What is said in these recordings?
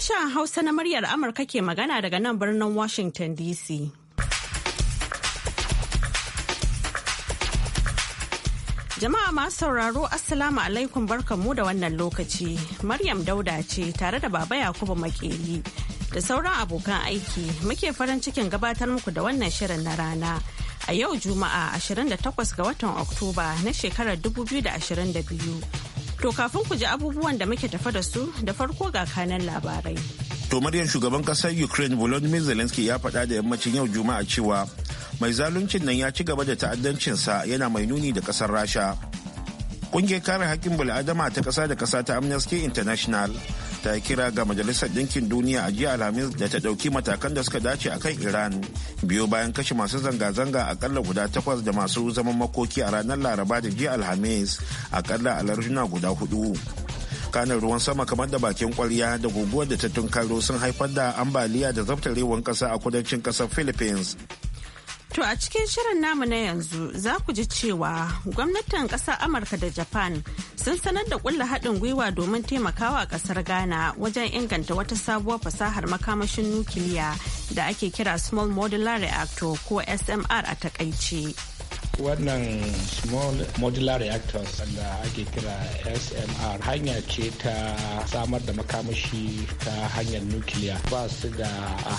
Sashen Hausa na muryar Amurka ke magana daga nan birnin Washington DC. Jama'a masu sauraro Assalamu alaikum barkanmu da wannan lokaci. Maryam Dauda ce tare da Baba Yakubu Makeri da sauran abokan aiki muke farin cikin gabatar muku da wannan shirin na rana. A yau Juma'a 28 ga watan Oktoba na shekarar 2022. To kafin ku ji abubuwan da muke tafa da su da farko ga kanan labarai. To muryar shugaban kasar Ukraine Volodymyr Zelensky ya faɗa da yammacin yau Juma'a cewa mai zaluncin nan ya ci gaba da ta'addancinsa yana mai nuni da kasar Rasha. Kungiyar kare haƙƙin bil'adama ta ƙasa da ƙasa ta Amnesty International ta yi kira ga majalisar ɗinkin duniya a jiya alhamis da ta ɗauki matakan da suka dace akan iran biyo bayan kashe masu zanga-zanga akalla guda takwas da masu zaman makoki a ranar laraba da jiya alhamis akalla a larjuna guda hudu kanin ruwan sama kamar da bakin kwarya da guguwar da ta tunkaro sun haifar da ambaliya da zaftarewar kasa a kudancin kasar philippines To a cikin shirin namu na yanzu za ku ji cewa gwamnatin ƙasar Amurka da Japan sun sanar da kulla haɗin gwiwa domin taimakawa ƙasar Ghana wajen inganta wata sabuwar fasahar makamashin nukiliya da ake kira Small Modular Reactor ko SMR a takaice. wannan small modular reactors da ake kira smr hanya ce ta samar da makamashi ta hanyar nukiliya ba su da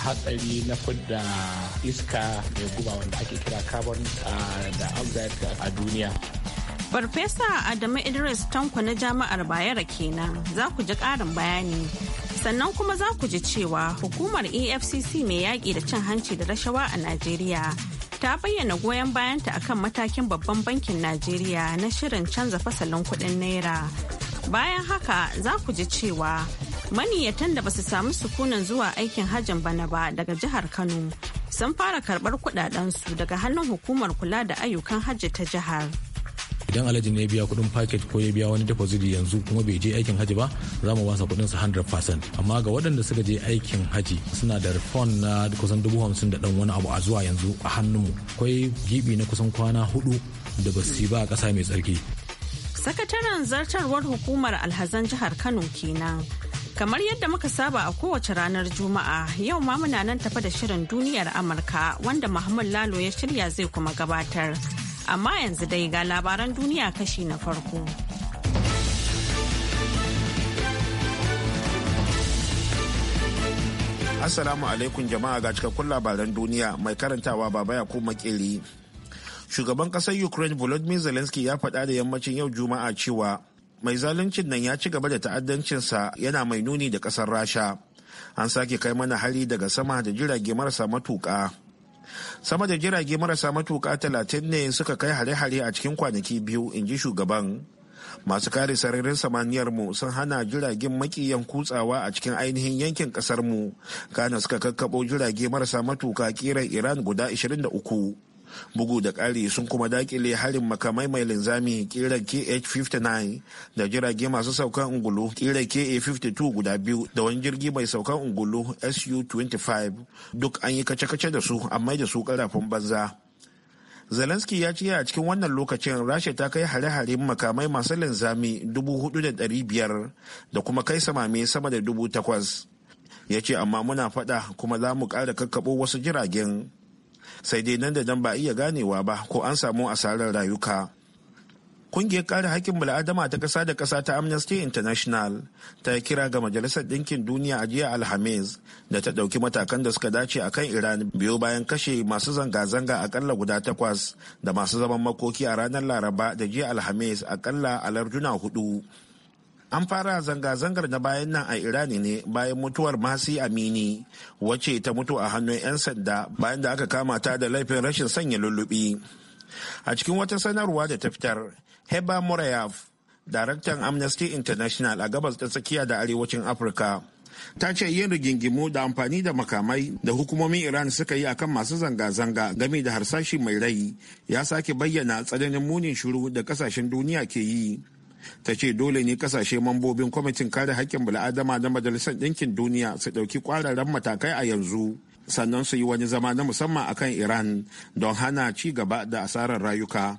hatsari na fidda iska mai guba wanda ake kira carbon ah, dioxide a duniya Farfesa Adamu Idris Tanko na Jami'ar Bayero kenan za ku ji ƙarin bayani. Sannan kuma za ku ji cewa hukumar EFCC mai yaƙi da cin hanci da rashawa a Najeriya ta bayyana goyon bayanta akan matakin babban bankin Najeriya na shirin canza fasalin kuɗin naira. Bayan haka za ku ji cewa maniyyatan da ba su samu sukunan zuwa aikin hajjin bana ba daga jihar Kano sun fara karɓar su daga hannun hukumar kula da ayyukan hajji ta jihar. idan alhaji ne ya biya kuɗin paket ko ya biya wani deposit yanzu kuma bai je aikin haji ba za mu basa kuɗin sa 100% amma ga waɗanda suka je aikin haji suna da refund na kusan dubu hamsin da dan wani abu a zuwa yanzu a hannunmu akwai gibi na kusan kwana hudu da basu ba a ƙasa mai tsarki sakataren zartarwar hukumar alhazan jihar kano kenan kamar yadda muka saba a kowace ranar juma'a yau ma muna nan tafa da shirin duniyar amurka wanda muhammad lalo ya shirya zai kuma gabatar amma yanzu dai ga labaran duniya kashi na farko. Assalamu alaikum jama'a ga cikakkun labaran duniya mai karantawa baba ya kuma makeri. Shugaban kasar Ukraine Volodymyr Zelensky ya faɗa da yammacin yau Juma'a cewa mai zaluncin nan ya ci gaba da ta'addancinsa yana mai nuni da ƙasar Rasha. An sake kai mana hari daga sama da jirage marasa matuƙa. sama da jirage marasa matuka talatin ne suka kai hare-hare a cikin kwanaki biyu in ji shugaban masu kare sararin samaniyar mu sun hana jiragen makiyan kutsawa a cikin ainihin yankin kasar mu kana suka kakkabo jirage marasa matuka kiran iran guda 23 bugu da ƙari sun kuma dakile harin makamai mai linzami kira kh-59 da jirage masu saukan ungulu kira ka-52 guda biyu da wani jirgi mai saukan ungulu su-25 duk an yi kace-kace da su amma da su karafin banza Zelensky ya ce a cikin wannan lokacin Rasha ta kai hare-hare makamai masu linzami 4,500 da kuma kai samame sama da 8,000. Ya ce amma muna fada kuma za mu ƙara kakkaɓo wasu jiragen sai dai nan da nan ba iya ganewa ba ko an samu asarar rayuka kungiyar kare hakkin bil'adama ta ƙasa da ƙasa ta amnesty international ta kira ga majalisar ɗinkin duniya a jiya alhamis da ta ɗauki matakan da suka dace a kan iran biyo bayan kashe masu zanga-zanga akalla guda takwas da masu zaman makoki a ranar laraba da jiya alhamis a kalla a larduna hudu an fara zanga-zangar na bayan nan a irani ne bayan mutuwar masi amini wacce ta mutu a hannun 'yan sanda bayan da aka kama ta da laifin rashin sanya lullubi a cikin wata sanarwa da ta fitar heba murayaf daraktan amnesty international a gabas ta tsakiya da arewacin afirka ta ce yin rigingimu da amfani da makamai da hukumomin iran suka yi akan masu zanga-zanga game da harsashi mai rai ya sake bayyana tsananin munin shiru da kasashen duniya ke yi ta ce dole ne kasashe mambobin kwamitin kare haƙƙin bil'adama na majalisar ɗinkin duniya su ɗauki ƙwararren matakai a yanzu sannan su yi wani zama na musamman akan iran don hana ci gaba da asarar rayuka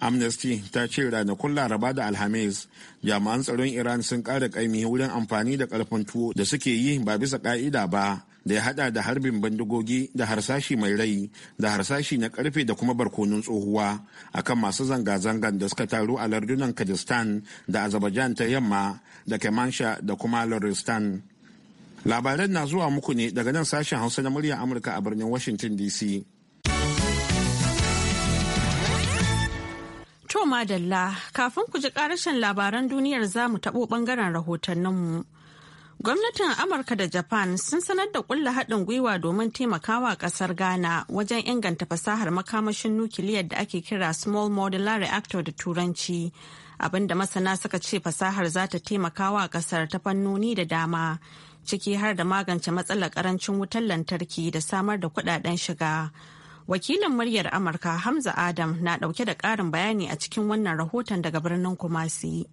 amnesty ta ce ranakun laraba da alhamis jami'an tsaron iran sun ƙara ƙaimi wurin amfani da ƙarfin tuwo da suke yi ba bisa ƙa'ida ba da ya hada da harbin bandigogi da harsashi mai rai da harsashi na karfe da kuma barkonun tsohuwa akan masu zanga-zangan da suka taru a lardunan kajistan da azerbaijan ta yamma da kemansha da kuma loristan labaran na zuwa muku ne daga nan sashen hausa na muryar amurka a birnin washington dc To madalla kafin ku ji karashen labaran duniyar za mu taɓo ɓangaren mu. Gwamnatin Amurka da Japan sun sanar da kulla haɗin gwiwa domin taimakawa ƙasar Ghana wajen inganta fasahar makamashin nukiliyar da ake kira Small Modular Reactor da Turanci. Abinda masana suka ce fasahar za ta taimakawa ƙasar ta fannoni da dama, ciki har da magance matsalar ƙarancin wutar lantarki da samar da kuɗaɗen shiga. Wakilin muryar Amurka Hamza Adam na ɗauke da ƙarin bayani a cikin wannan rahoton daga birnin Kumasi.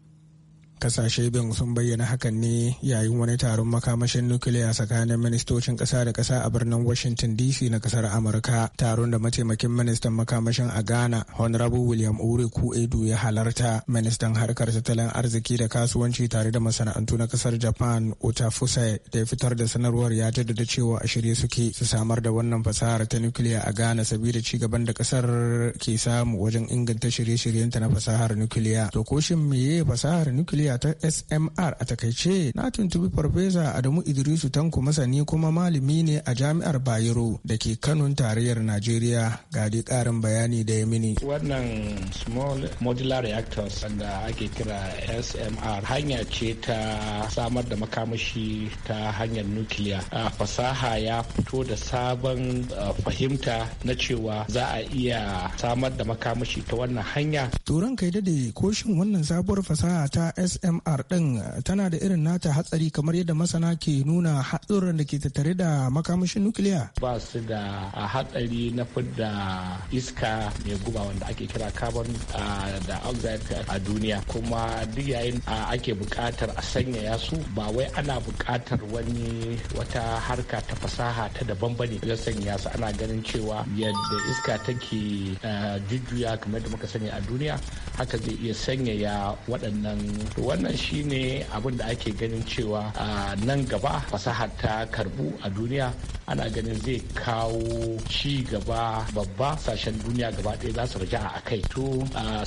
Kasashe bin sun bayyana hakan ne yayin wani taron makamashin nukiliya tsakanin ministocin ƙasa da ƙasa a birnin Washington DC na ƙasar Amurka. Taron da mataimakin ministan makamashin a Ghana, Honorable William Ure edu ya halarta. Ministan harkar tattalin arziki da kasuwanci tare da masana'antu na ƙasar Japan, Ota Fusai, da ya fitar da sanarwar ya jaddada cewa a shirye suke su samar da wannan fasahar ta nukiliya a Ghana sabida ci gaban da ƙasar ke samu wajen inganta shirye-shiryenta na fasahar nukiliya. To koshin meye fasahar nukiliya lafiya ta smr a takaice na tuntubi farfesa adamu idrisu tanko masani kuma malami ne a jami'ar bayero da ke kanun tarayyar najeriya ga dai karin bayani da ya mini wannan small modular reactors da ake kira smr hanya ce ta samar da makamashi ta hanyar nukiliya fasaha ya fito da sabon fahimta na cewa za a iya samar da makamashi ta wannan hanya turan kai dade ko shin wannan sabuwar fasaha ta sm smr din eh, tana da irin nata hatsari kamar yadda masana ke nuna hatsuran da ke tattare da makamashin nukiliya ba su da ah, hatsari na fidda iska mai guba wanda ake kira carbon ah, da oxide a duniya kuma duk yayin ah, ake buƙatar a sanyaya su ba wai ana buƙatar wani wata harka ta fasaha ta daban bane ya sanya su ana ganin cewa yadda iska take jujjuya kamar da muka sani a duniya haka zai iya sanyaya waɗannan wannan shine abin da ake ganin cewa nan gaba fasahar ta karbu a duniya ana ganin zai kawo ci gaba babba sashen duniya gaba ɗaya za su raja a kai to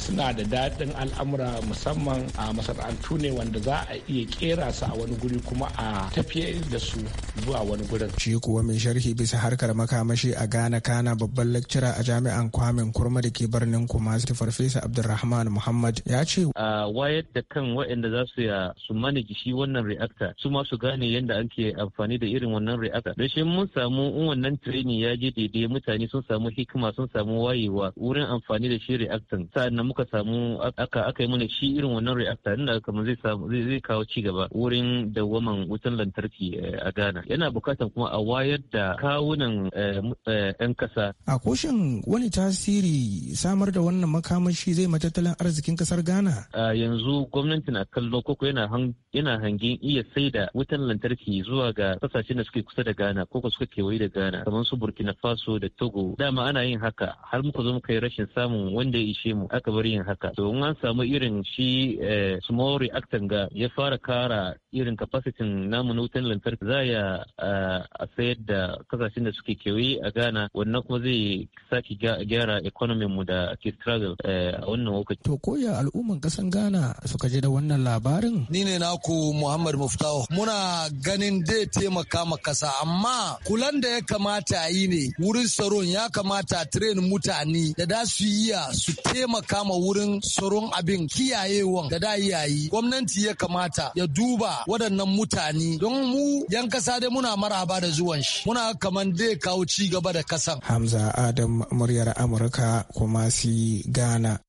suna da daɗin al'amura musamman a masana'antu ne wanda za a iya kera su a wani guri kuma a tafiye da su zuwa wani gurin shi kuwa mai sharhi bisa harkar makamashi a Ghana Kana babban lecturer a jami'an Kwamin Kurma da ke birnin Kumasi Farfesa Abdulrahman Muhammad ya ce wayar da kan waɗanda za su ya su manage shi wannan reactor su ma su gane yadda ake amfani da irin wannan reactor don shi mun samu in wannan training ya je daidai mutane sun samu hikima sun samu wayewa wurin amfani da shi reactant sannan muka samu aka yi mana shi irin wannan reactor inda kamar zai kawo ci gaba wurin dawwaman wutan lantarki eh, a Ghana yana bukatan kuma a wayar da kawunan eh, eh, yan kasa a koshin wani tasiri samar da wannan makamashi zai matattalin arzikin kasar Ghana a yanzu gwamnati na kallo ko yana yana hangin iya da wutan lantarki zuwa ga kasashen da suke kusa da Ghana ko suke suka kewaye da Ghana kamar su Burkina Faso da Togo dama ana yin haka har muka zo muka yi rashin samun wanda ya ishe mu aka bari yin haka to in an samu irin shi eh, small reactor ga ya fara kara irin capacity namu na wutan lantarki za ya eh, a sayar da kasashen da suke kewaye a gana. wannan kuma zai sake gyara economy mu da ke struggle eh, a wannan lokaci to koya al'umman kasan Ghana suka je da wannan labarin ni ne naku Muhammad Muftawo muna ganin dai taimaka ma kasa amma kulan da ya kamata yi ne wurin tsaron ya kamata train mutane da da su iya su taimaka ma wurin tsaron abin kiyayewan da da iyayi gwamnati ya kamata ya duba waɗannan mutane don mu yan kasa dai muna maraba da zuwan shi muna kaman dai kawo ci gaba da kasan hamza adam muryar amurka kuma si ghana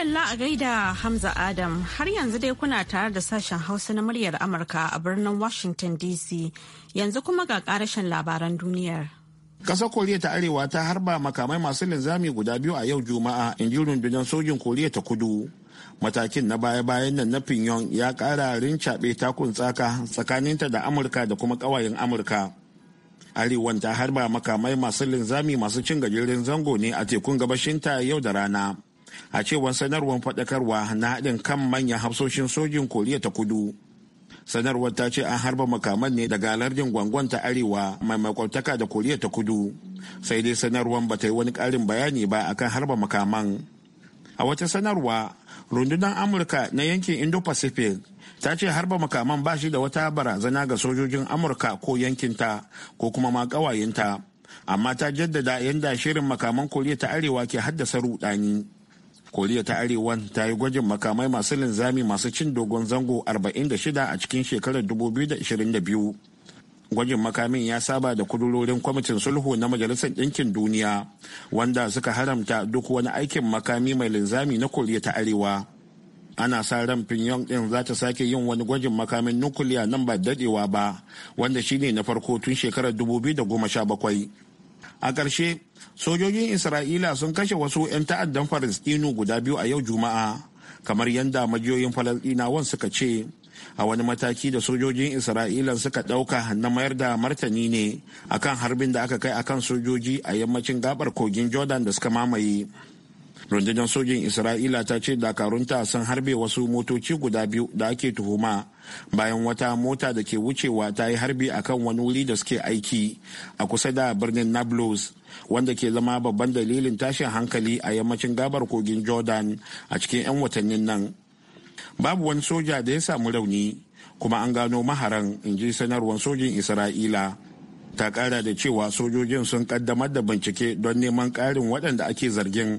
Madalla a gaida Hamza Adam har yanzu dai kuna tare da sashen Hausa na muryar Amurka a birnin Washington DC yanzu kuma ga karashen labaran duniyar. Ƙasar Koriya ta Arewa ta harba makamai masu linzami guda biyu a yau Juma'a in ji rundunar sojin Koriya ta Kudu. Matakin na baya-bayan nan na Pyongyang ya kara rincaɓe takun tsaka tsakaninta da Amurka da kuma ƙawayen Amurka. Arewan ta harba makamai masu linzami masu cin gajeren zango ne a tekun gabashinta yau da rana. a cewar sanarwar faɗakarwa na haɗin kan manyan hafsoshin sojin koriya ta kudu sanarwar ta ce an harba makaman ne daga lardin gwangwan ta arewa mai makwabtaka da koriya ta kudu sai dai sanarwar ba ta yi wani ƙarin bayani ba akan harba makaman a wata sanarwa rundunar amurka na yankin indo-pacific ta ce harba makaman ba shi da wata barazana ga sojojin amurka ko yankinta ko kuma ma ƙawayenta amma ta jaddada yadda shirin makaman koriya ta arewa ke haddasa rudani koriya ta arewa ta yi gwajin makamai masu linzami masu cin dogon zango 46 a cikin shekarar 2022 gwajin makamin ya saba da kudurorin kwamitin sulhu na majalisar ɗinkin duniya wanda suka haramta duk wani aikin makami mai linzami na koriya ta arewa ana sa ran pinyon ɗin za ta sake yin wani gwajin makamin nukuliya nan ba daɗewa ba wanda shine na farko tun shekarar 2017 a ƙarshe sojojin isra'ila sun kashe wasu 'yan ta'addan falastinu guda biyu a yau juma'a kamar yadda majiyoyin falastinawan suka ce a wani mataki da sojojin isra'ila suka ɗauka na mayar da martani ne akan harbin da aka kai akan sojoji a yammacin gabar kogin jordan da suka mamaye rundunar sojin isra'ila ta ce dakarunta sun harbe wasu motoci guda biyu da ake tuhuma bayan wata mota da ke wucewa ta yi harbi a kan wani wuri da suke aiki a kusa da birnin nablus wanda ke zama babban dalilin tashin hankali a yammacin gabar kogin jordan a cikin 'yan watannin nan babu wani soja da ya samu rauni kuma an gano maharan in ji sanarwar sojin isra'ila ta kara da cewa sojojin sun kaddamar da bincike don neman ƙarin waɗanda ake zargin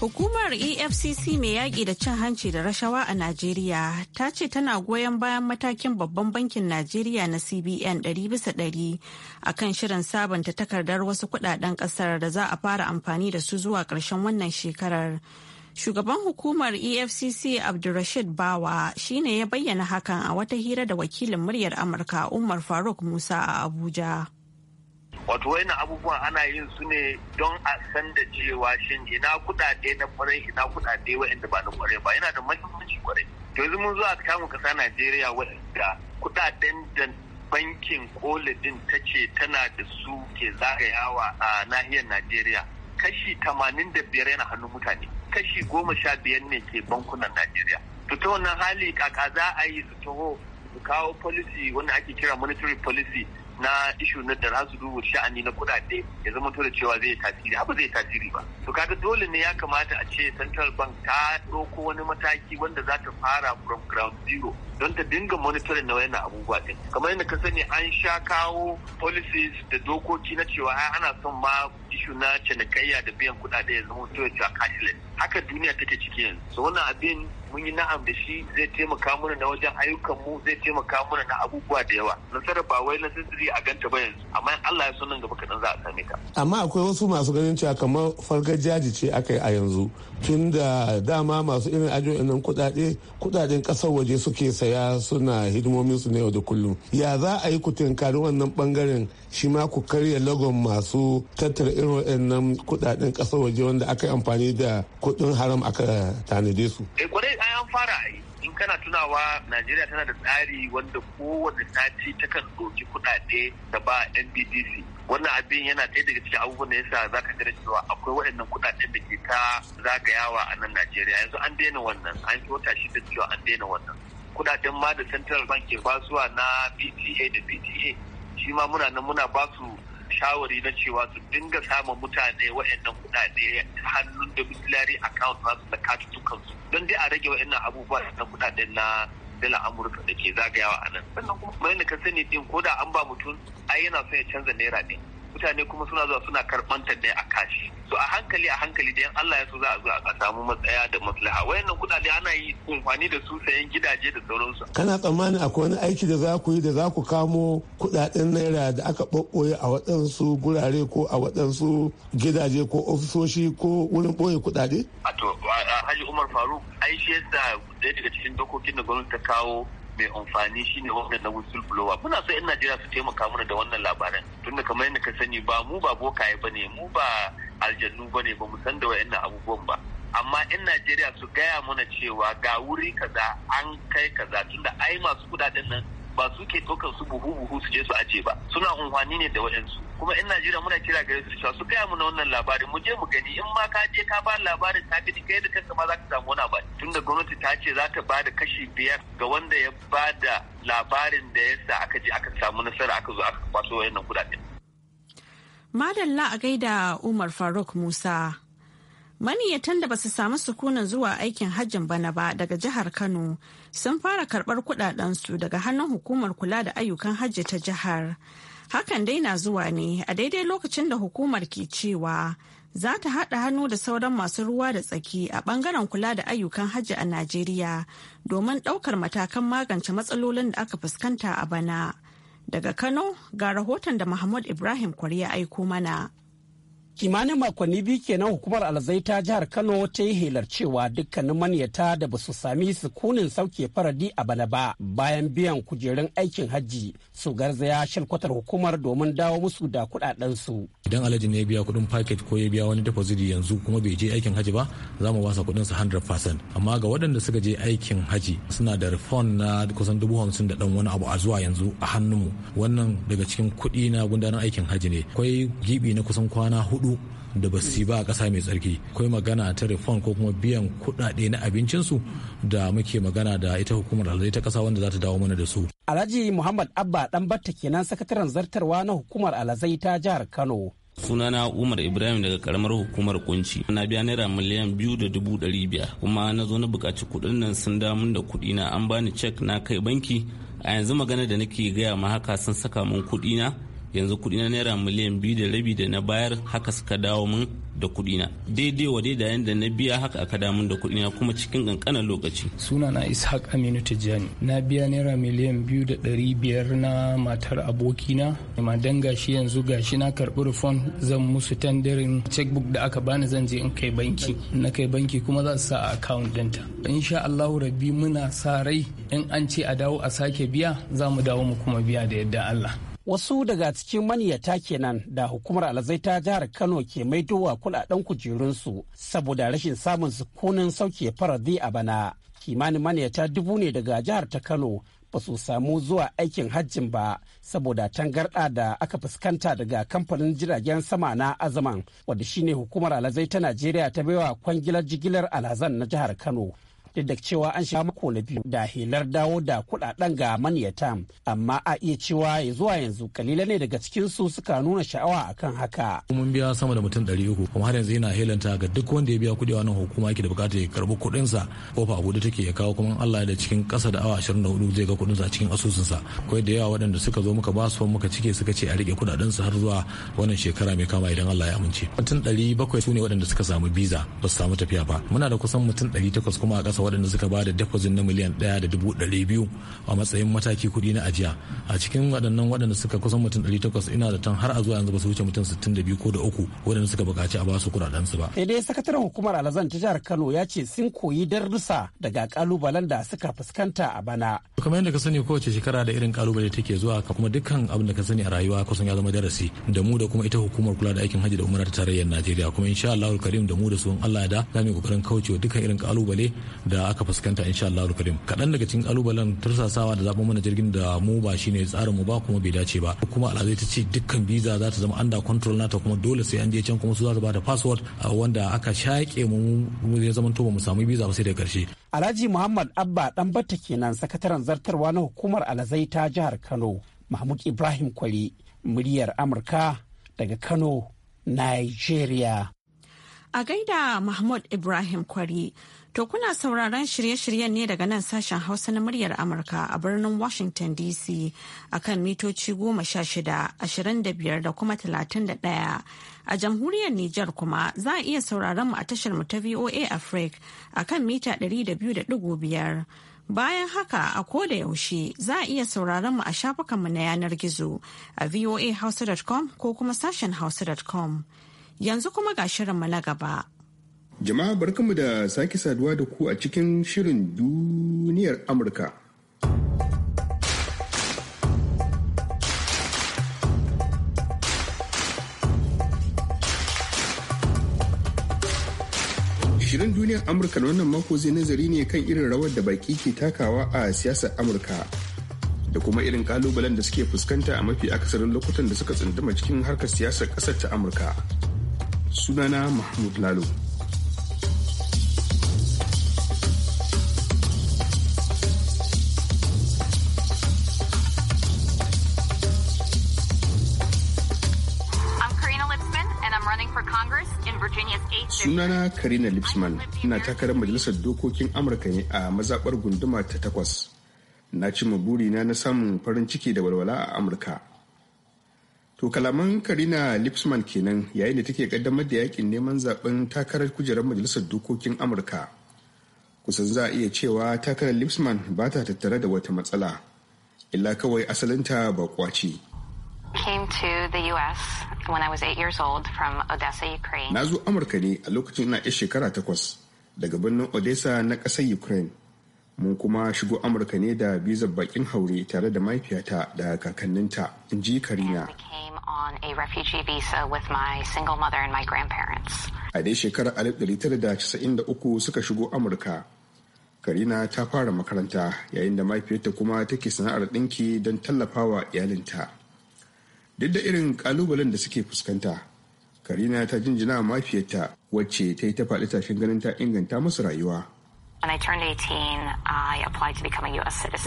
Hukumar EFCC mai yaƙi da cin hanci da rashawa a Najeriya ta ce tana goyon bayan matakin babban bankin Najeriya na CBN 100% a kan shirin sabanta takardar wasu kudaden ƙasar da za a fara amfani da su zuwa ƙarshen wannan shekarar. Shugaban hukumar EFCC Abdulrashid Bawa shi ne ya bayyana hakan a wata hira da wakilin muryar Amurka Umar Faruk Musa a Abuja. wato wani abubuwa ana yin su ne don a san da cewa shin ina kudade na kwarai ina kudade wa'anda ba na kwarai ba yana da mahimmanci kwarai to yanzu mun zo kamu kasa najeriya wa'anda kudaden da bankin kolidin ta ce tana da su ke zagayawa a nahiyar najeriya kashi tamanin da biyar yana hannun mutane kashi goma sha biyar ne ke bankunan najeriya to ta wannan hali kaka za a yi su taho su kawo policy wanda ake kira monetary policy na ishu na da su dubu sha'ani na kudade ya zama to da cewa zai tasiri abu zai tasiri ba to kaga dole ne ya kamata a ce central bank ta ɗauko wani mataki wanda za ta fara from ground zero don ta dinga monitoring na wayannan abubuwa din kamar yadda ka sani an sha kawo policies da dokoki na cewa ana son ma ishu na cinikayya da biyan kudade ya zama to ya cashless haka duniya take cikin yanzu so wannan abin mun yi na'am da shi zai taimaka mana na wajen ayyukan mu zai taimaka mana na abubuwa da yawa nasarar ba wai na sirri a ganta ba yanzu amma in Allah ya so nan gaba kaɗan za a same ta. amma akwai wasu masu ganin cewa kamar fargar jaji ce aka yi a yanzu tun da dama masu irin ajiyoyin nan kuɗaɗe kuɗaɗen ƙasar waje suke saya suna hidimomin su na yau da kullum ya za a yi ku tinkari wannan bangaren shi ma ku karya lagon masu tattara irin wannan kuɗaɗen ƙasar waje wanda aka yi amfani da kuɗin haram aka tanade su. Eh, Kayan fara yi in kana tunawa najeriya tana da tsari wanda kowane sati takan ɗauki kuɗaɗe da ba nbdc wannan abin yana ɗaya daga cikin abubuwan da yasa za ka gane cewa akwai waɗannan kuɗaɗen da ke ta zagayawa a nan najeriya yanzu an daina wannan an yi wata da cewa an daina wannan kuɗaɗen ma da central bank ke basuwa na bta da bta shi ma muna nan muna basu shawari na cewa su dinga samun mutane waɗannan kuɗaɗe hannun da military account nasu da katutukansu don dai a rage waɗannan abubuwa na kuɗaɗen na dala amurka da ke zagayawa a nan sannan kuma ka sani din ko da an ba mutum ai yana son ya canza naira ɗin mutane kuma suna zuwa suna ta ne a kashi to a hankali a hankali da yan Allah ya so za a zo a samu matsaya da maslaha wayannan kuɗaɗe ana yi amfani da su sayan gidaje da sauransu kana tsammanin akwai wani aiki da za ku yi da za ku kamo kuɗaɗen naira da aka ɓoɓɓoye a waɗansu gurare ko a waɗansu gidaje ko ofisoshi ko wurin ɓoye kuɗaɗe a to Haji Umar Faruk ai shi daga cikin dokokin da gwamnati ta kawo mai amfani shine wannan na whistleblower muna so 'yan najeriya su taimaka mana da wannan labaran tunda kamar yadda ka sani ba mu ba bokaye ba ne mu ba aljannu ba ne ba mu san da wa'annan abubuwan ba amma 'yan najeriya su gaya mana cewa ga wuri kaza an kai kaza tunda ai masu kudaden nan ba su ke ɗaukar su buhu buhu su je su aje ba suna unhwani ne da waɗansu kuma in Najeriya muna kira gare su su gaya mu na wannan labarin mu je mu gani in ma ka je ka ba labarin ta gani kai da kanka ma za ka samu wani abu da gwamnati ta ce za ta ba da kashi biyar ga wanda ya ba da labarin da ya sa aka je aka samu nasara aka zo aka kwaso wayannan kudaden. Madalla a gaida Umar Faruk Musa Maniyyatan da basu su samu sukunan zuwa aikin hajjin bana ba daga jihar Kano sun fara karɓar kuɗaɗensu daga hannun hukumar kula da ayyukan hajji ta jihar. Hakan dai na zuwa ne a daidai lokacin da hukumar ke cewa za ta haɗa hannu da sauran masu ruwa da tsaki a ɓangaren kula da ayyukan hajji a Najeriya domin ɗaukar matakan magance matsalolin da aka fuskanta a bana. Daga Kano ga rahoton da Mahmud Ibrahim Kwari ya aiko mana. kimanin makonni biyu kenan hukumar alzai ta jihar kano ta yi helar cewa dukkanin manyata da ba su sami sukunin sauke faradi a bana ba bayan biyan kujerun aikin hajji su garzaya shalkwatar hukumar domin dawo musu da kudaden su. idan alhaji ne ya biya kuɗin paket ko ya biya wani deposit yanzu kuma bai je aikin hajji ba za mu basa kuɗin su 100% amma ga waɗanda suka je aikin hajji suna da refund na kusan dubu hamsin da dan wani abu a zuwa yanzu a hannunmu wannan daga cikin kuɗi na gundarin aikin hajji ne akwai gibi na kusan kwana hudu hudu da ba ba a ƙasa mai tsarki akwai magana ta reform ko kuma biyan kuɗaɗe na abincinsu da muke magana da ita hukumar alzai ta ƙasa wanda za ta dawo mana da su. Alhaji Muhammad Abba ɗan batta kenan sakataren zartarwa na hukumar alhazai ta jihar Kano. sunana umar ibrahim daga karamar hukumar kunci na biya naira miliyan biyu da dubu ɗari biya. kuma na zo na buƙaci kuɗin nan sun damun da kuɗi na an bani cek na kai banki a yanzu magana da nake gaya ma haka sun saka min kuɗi na yanzu kuɗi na naira miliyan biyu da rabi da na bayar haka suka dawo min da kuɗi na daidai wa daidai yadda na biya haka aka damun da kuɗi na kuma cikin kankanin lokaci suna na ishaq aminu tijjani na biya naira miliyan biyu da ɗari biyar na matar abokina ma dan gashi yanzu gashi na karɓi rufon zan musu tandarin checkbook da aka bani zan je in kai banki na kai banki kuma za su sa a account in insha allahu rabi muna sa rai in an ce a dawo a sake biya za mu dawo mu kuma biya da yadda allah wasu daga cikin maniyata kenan da hukumar alazai ta jihar kano ke maidowa kudaden kujerunsu saboda rashin samun sukunin sauke faradi a bana kimanin maniyata dubu ne daga jihar ta kano ba su samu zuwa aikin hajjin ba saboda tangarɗa da aka fuskanta daga kamfanin jiragen sama na azaman wadda shine hukumar alazai ta najeriya ta baiwa kwangilar jigilar alazan na jihar kano duk da cewa an shiga mako na biyu da helar dawo da kudaden ga maniyata amma a iya cewa ya zuwa yanzu kalila ne daga cikin su suka nuna sha'awa akan haka. mun biya sama da mutum ɗari uku kuma har yanzu yana helanta ga duk wanda ya biya kuɗi wannan hukuma yake da bukatar ya sa kuɗinsa kofa abu ta take ya kawo kuma Allah da cikin kasa da awa ashirin da hudu zai ga kuɗinsa a cikin asusunsa ko da yawa waɗanda suka zo muka ba su muka cike suka ce a riƙe su har zuwa wannan shekara mai kama idan Allah ya amince mutum ɗari bakwai su ne waɗanda suka samu biza ba su samu tafiya ba muna da kusan mutum dari takwas kuma a masa waɗanda suka ba da deposit na miliyan ɗaya da dubu ɗari biyu a matsayin mataki kuɗi na ajiya a cikin waɗannan waɗanda suka kusan mutum ɗari takwas ina da tan har a zuwa yanzu ba su wuce mutum sittin da biyu ko da uku waɗanda suka buƙaci a ba su su ba. dai sakataren hukumar alazan ta jihar kano ya ce sun koyi darussa daga kalubalen da suka fuskanta a bana. kamar yadda ka sani kowace shekara da irin ƙalubale take zuwa ka kuma dukkan abin da ka sani a rayuwa kusan ya zama darasi da mu da kuma ita hukumar kula da aikin hajji da umara ta tarayyar najeriya kuma insha allahu karim da mu da su Allah ya da za mu yi kaucewa dukkan irin ƙalubale da aka fuskanta insha Allah karim kaɗan daga cikin kalubalen tursasawa da zaɓen mana jirgin da mu ba shine tsarin mu ba kuma bai dace ba kuma alhazai ta ce dukkan visa za ta zama under control nata kuma dole sai an je can kuma su za ta bada password wanda aka shaƙe mu zai zama to mu samu visa ba sai da ƙarshe Alhaji Muhammad Abba batta kenan sakataren zartarwa na hukumar alhazai ta jihar Kano Mahmud Ibrahim Kwali muryar Amurka daga Kano Nigeria. A gaida Mahmud Ibrahim Kwari To kuna sauraron shirye-shiryen ne daga nan sashen Hausa na muryar Amurka a birnin Washington DC a kan mitoci goma sha shida, ashirin da biyar da kuma talatin da ɗaya. A jamhuriyar Nijar kuma za a iya sauraron mu a tashar mu ta VOA Africa a kan mita ɗari da biyu da ɗigo biyar. Bayan haka a koda yaushe za a iya sauraron mu a mu na yanar gizo a voahausa.com ko kuma sashen hausa.com. Yanzu kuma ga shirin mu na gaba. Jama'a barkanmu da sake saduwa da ku a cikin shirin duniyar Amurka. Shirin duniyar Amurka na wannan mako zai nazari ne kan irin rawar da baki ke takawa a siyasar Amurka. da kuma irin kalubalen da suke fuskanta a mafi akasarin lokutan da suka tsunduma cikin harkar siyasar ƙasar ta amurka sunana mahmud lalo Sunana Karina Lipsman, ina takarar Majalisar Dokokin Amurka ne a mazaɓar gunduma ta takwas. Na cimma burina na samun farin ciki da walwala a Amurka. To kalaman Karina Lipsman kenan yayin da take kaddamar da yakin neman zaben takarar kujerar Majalisar Dokokin Amurka. Kusan za a iya cewa takarar Lipsman ba ta tattare da wata matsala, illa kawai asalinta ba kwaci. Came to the US when was eight from Odessa, Ukraine. Na zo Amurka ne a lokacin ina 'yar shekara takwas daga birnin Odessa na ƙasar Ukraine. Mun kuma shigo Amurka ne da bizar baƙin haure tare da mahaifiyata da kakanninta, in ji Karina. A dai shekarar tara da da casa'in uku suka shigo Amurka. Karina ta fara makaranta yayin da mahaifiyarta kuma take sana'ar ɗinki don tallafawa iyalinta. duk da irin kalubalen da suke fuskanta karina ta jinjina mafiyarta wacce ta yi ta faɗi tafin ganin ta inganta musu rayuwa ta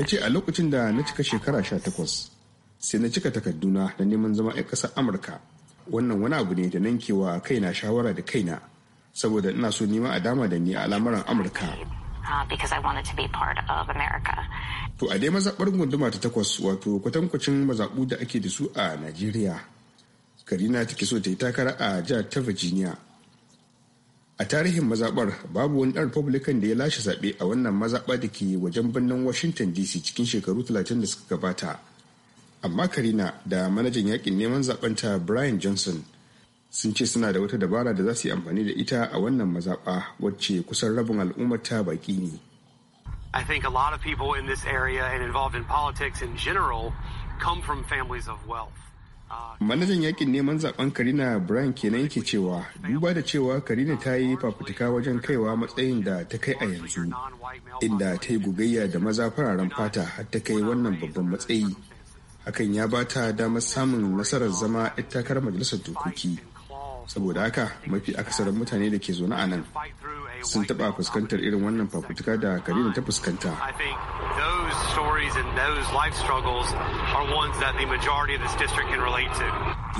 ce a lokacin da na cika shekara sha takwas sai na cika takarduna na neman zama 'yan ƙasar amurka wannan wani abu ne da nan kewa kaina shawara da kaina saboda ina so nima a dama da ni a al'amuran amurka uh, because I wanted to be part of America. To a dai mazaɓar gunduma ta takwas wato kwatankwacin mazaɓu da ake da su a Najeriya. Karina take so ta yi takara a jihar ta Virginia. A tarihin mazaɓar babu wani ɗan Republican da ya lashe zaɓe a wannan mazaɓa da ke wajen birnin Washington DC cikin shekaru talatin da suka gabata. Amma Karina da manajan yakin neman ta Brian Johnson sun ce suna da wata dabara da za su yi amfani da ita a wannan mazaɓa wacce kusan rabin al'ummar ta baƙi ne. I think a lot of people in this area and involved in politics in general come from families of wealth. Uh, Manajan yakin neman zaben Karina Brian kenan yake cewa duba da cewa Karina ta yi fafutuka wajen kaiwa matsayin da ta kai a yanzu inda ta yi gugayya da maza fararen fata har ta kai wannan babban matsayi. Hakan ya ba ta damar samun nasarar zama 'yar takarar majalisar dokoki. Saboda haka mafi akasarin mutane da ke zaune a nan sun taɓa fuskantar irin wannan fafutuka da karina ta fuskanta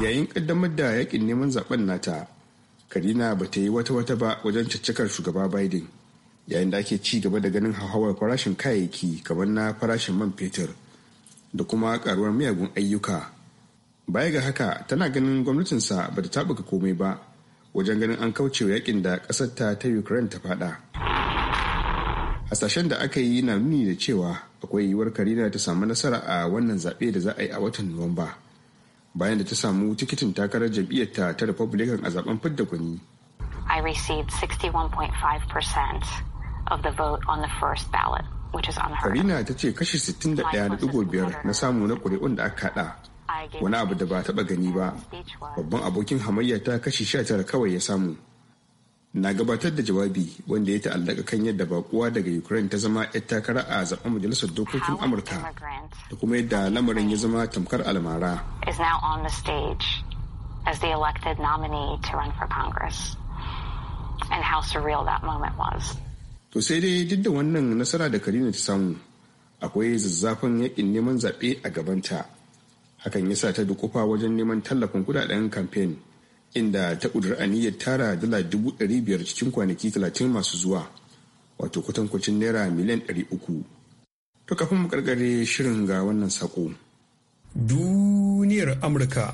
yayin ƙaddamar da yakin neman zaben nata karina ba ta yi wata-wata ba wajen caccakar shugaba biden yayin da ake ci gaba da ganin hauhawar farashin kayayyaki kamar na farashin man fetur da kuma karuwar miyagun ayyuka baya ga haka tana ganin gwamnatinsa ba ta taɓuka komai ba wajen ganin an kauce wa yakin da ƙasar ta ta ukraine ta fada hasashen da aka yi na nuni da cewa akwai yiwuwar karina ta samu nasara a wannan zaɓe da za a yi a watan nuwamba bayan da ta samu tikitin takarar jam'iyyarta ta ta republican a zaben fidda kuni. i received 61.5% of the vote on the first ballot karina ta ce kashi 61.5 na samu na ƙuri'un da aka haɗa wani abu da ba taɓa gani ba babban abokin hamayya ta kashi sha tara kawai ya samu na gabatar da jawabi wanda ya ta'allaka kan yadda bakuwa daga ukraine ta zama 'yar takara a zaben majalisar dokokin amurka da kuma yadda lamarin ya zama tamkar almara to sai dai duk da wannan nasara da karina ta samu akwai zazzafan yaƙin neman zaɓe a gabanta hakan sa ta dukufa wajen neman tallafin kudaden kamfen inda ta ƙudiri aniyar tara dala dubu ɗari biyar cikin kwanaki talatin masu zuwa wato kwatankwacin naira miliyan ɗari uku to kafin mu karkare shirin ga wannan sako duniyar amurka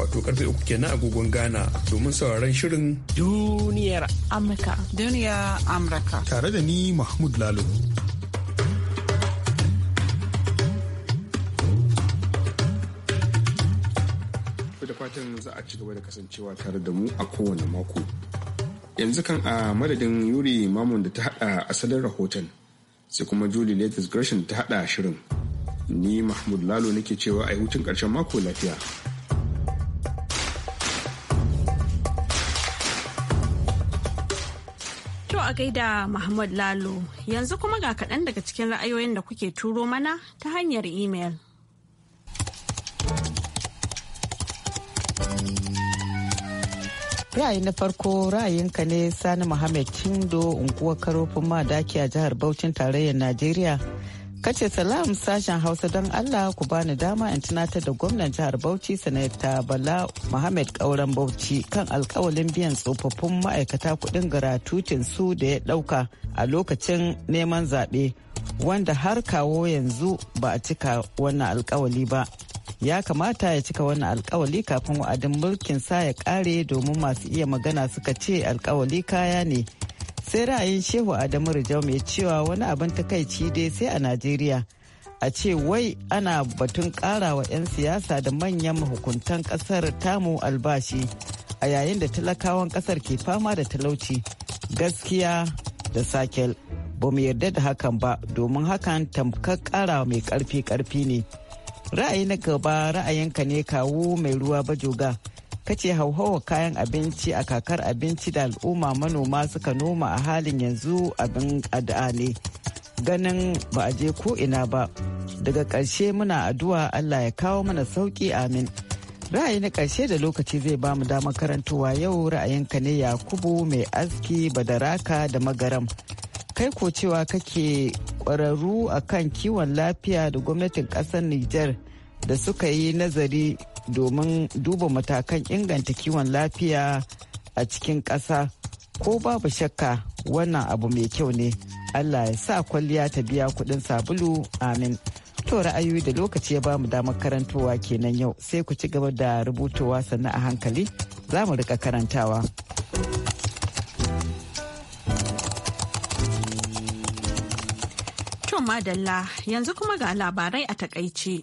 wato karfe uku kenan agogon gana domin sauraron shirin duniyar Amurka. duniya Amurka. Tare da ni Mahmud Lalo. da fatan za a ci gaba da kasancewa tare da mu a kowane mako. Yanzu kan a madadin Yuri Mamun da ta hada asalin rahoton sai kuma Julie Latest Gresham ta hada shirin. Ni Mahmud Lalo nake cewa a hutun ƙarshen mako lafiya. a gaida mahmud Lalo yanzu kuma ga kaɗan daga cikin ra'ayoyin da kuke turo mana ta hanyar imel. ra'ayi na farko ra'ayinka ne sani muhammad tindo unguwar karofin madaki a jihar Bauchin tarayyar najeriya kace salam sashen hausa don allah ku bani dama in tunatar da gwamnan jihar bauchi sanata bala muhammad kauran bauchi kan alkawalin biyan tsofaffin ma'aikata kudin garatutin su da ya dauka a lokacin neman zaɓe wanda har kawo yanzu ba a cika wannan alkawali ba ya kamata ya cika wannan alkawali kafin wa'adin mulkin sa ya kare domin masu iya magana suka ce alkawali kaya ne sai ra'ayin shehu adamu rijau mai cewa wani abin takaici dai sai a najeriya a ce wai ana batun karawa 'yan siyasa da manyan mahukuntan kasar tamu albashi a yayin da talakawan kasar ke fama da talauci gaskiya da sakel ba mu yarda da hakan ba domin hakan tamkar kara mai karfi karfi ne ra'ayi na gaba ra'ayinka ne kawo mai ruwa bajoga kace hauhawa kayan abinci a kakar abinci da al'umma manoma suka noma a halin yanzu abin ad'a ne ganin ba a je ko ina ba daga ƙarshe muna addu'a allah ya kawo mana sauƙi amin ra'ayi na ƙarshe da lokaci zai ba mu damar karantowa yau ra'ayinka ne yakubu mai aski badaraka da magaram kai ko cewa kake ƙwararru akan kiwon lafiya da gwamnatin ƙasar niger da suka yi nazari domin duba matakan inganta kiwon lafiya a cikin ƙasa ko babu shakka wannan abu mai kyau ne allah ya sa kwalliya ta biya kuɗin sabulu amin to ra'ayoyi da lokaci ya bamu damar karantowa kenan yau sai ku ci gaba da rubutowa sannan a hankali za mu rika karantawa madalla yanzu kuma ga labarai a takaice.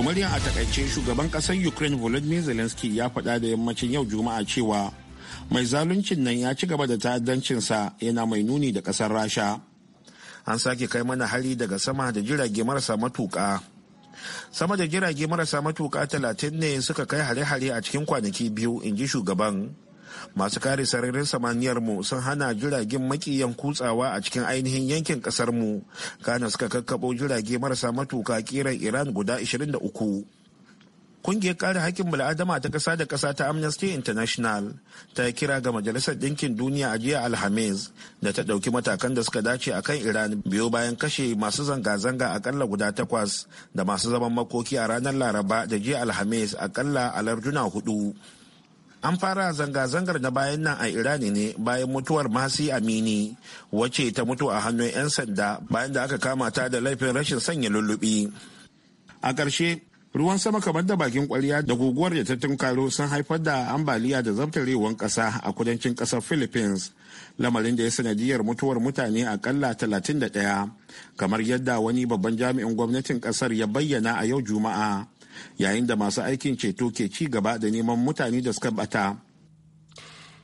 To murya a takaice shugaban kasar Ukraine Volodymyr Zelensky ya faɗa da yammacin yau Juma'a cewa mai zaluncin nan ya ci gaba da ta'addancinsa yana mai nuni da kasar Rasha. An sake kai mana hari daga sama da jirage marasa matuƙa. Sama da jirage marasa matuƙa talatin ne suka kai hare-hare a cikin kwanaki biyu, in ji shugaban. masu kare sararin samaniyar mu sun hana jiragen makiyan kutsawa a cikin ainihin yankin kasar mu kana suka kakkaɓo jirage marasa matuka kiran iran guda 23 Kungiyar kare hakkin bil'adama ta ƙasa da ƙasa ta Amnesty International ta kira ga Majalisar Ɗinkin Duniya a jiya Alhamis da ta ɗauki matakan da suka dace a kan Iran biyo bayan kashe masu zanga-zanga akalla guda takwas da masu zaman makoki a ranar Laraba da jiya Alhamis akalla a larduna hudu. an fara zanga-zangar na bayan nan a irani ne bayan mutuwar masi amini wacce ta mutu a hannun 'yan sanda bayan da aka kama ta da laifin rashin sanya lullubi a ƙarshe ruwan sama kamar da bakin kwarya da guguwar da ta tunkaro sun haifar da ambaliya da zabtarewar ƙasa a kudancin ƙasar philippines lamarin da ya sanadiyar mutuwar mutane akalla 31 kamar yadda wani babban jami'in gwamnatin ƙasar ya bayyana a yau juma'a yayin da masu aikin ceto ke ci gaba da neman mutane da suka bata.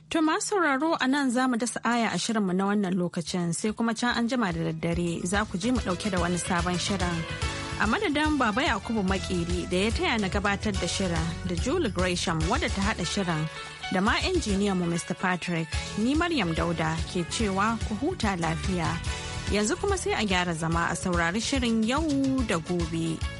To masu sauraro a nan za mu dasa aya a shirinmu na wannan lokacin sai kuma can an jima da daddare za ku je mu ɗauke da wani sabon shirin. A madadin Baba Yakubu Makeri da ya taya na gabatar da shirin da Julie Gresham wadda ta haɗa shirin da ma mu Mr. Patrick ni Maryam Dauda ke cewa ku huta lafiya. Yanzu kuma sai a gyara zama a saurari shirin yau da gobe.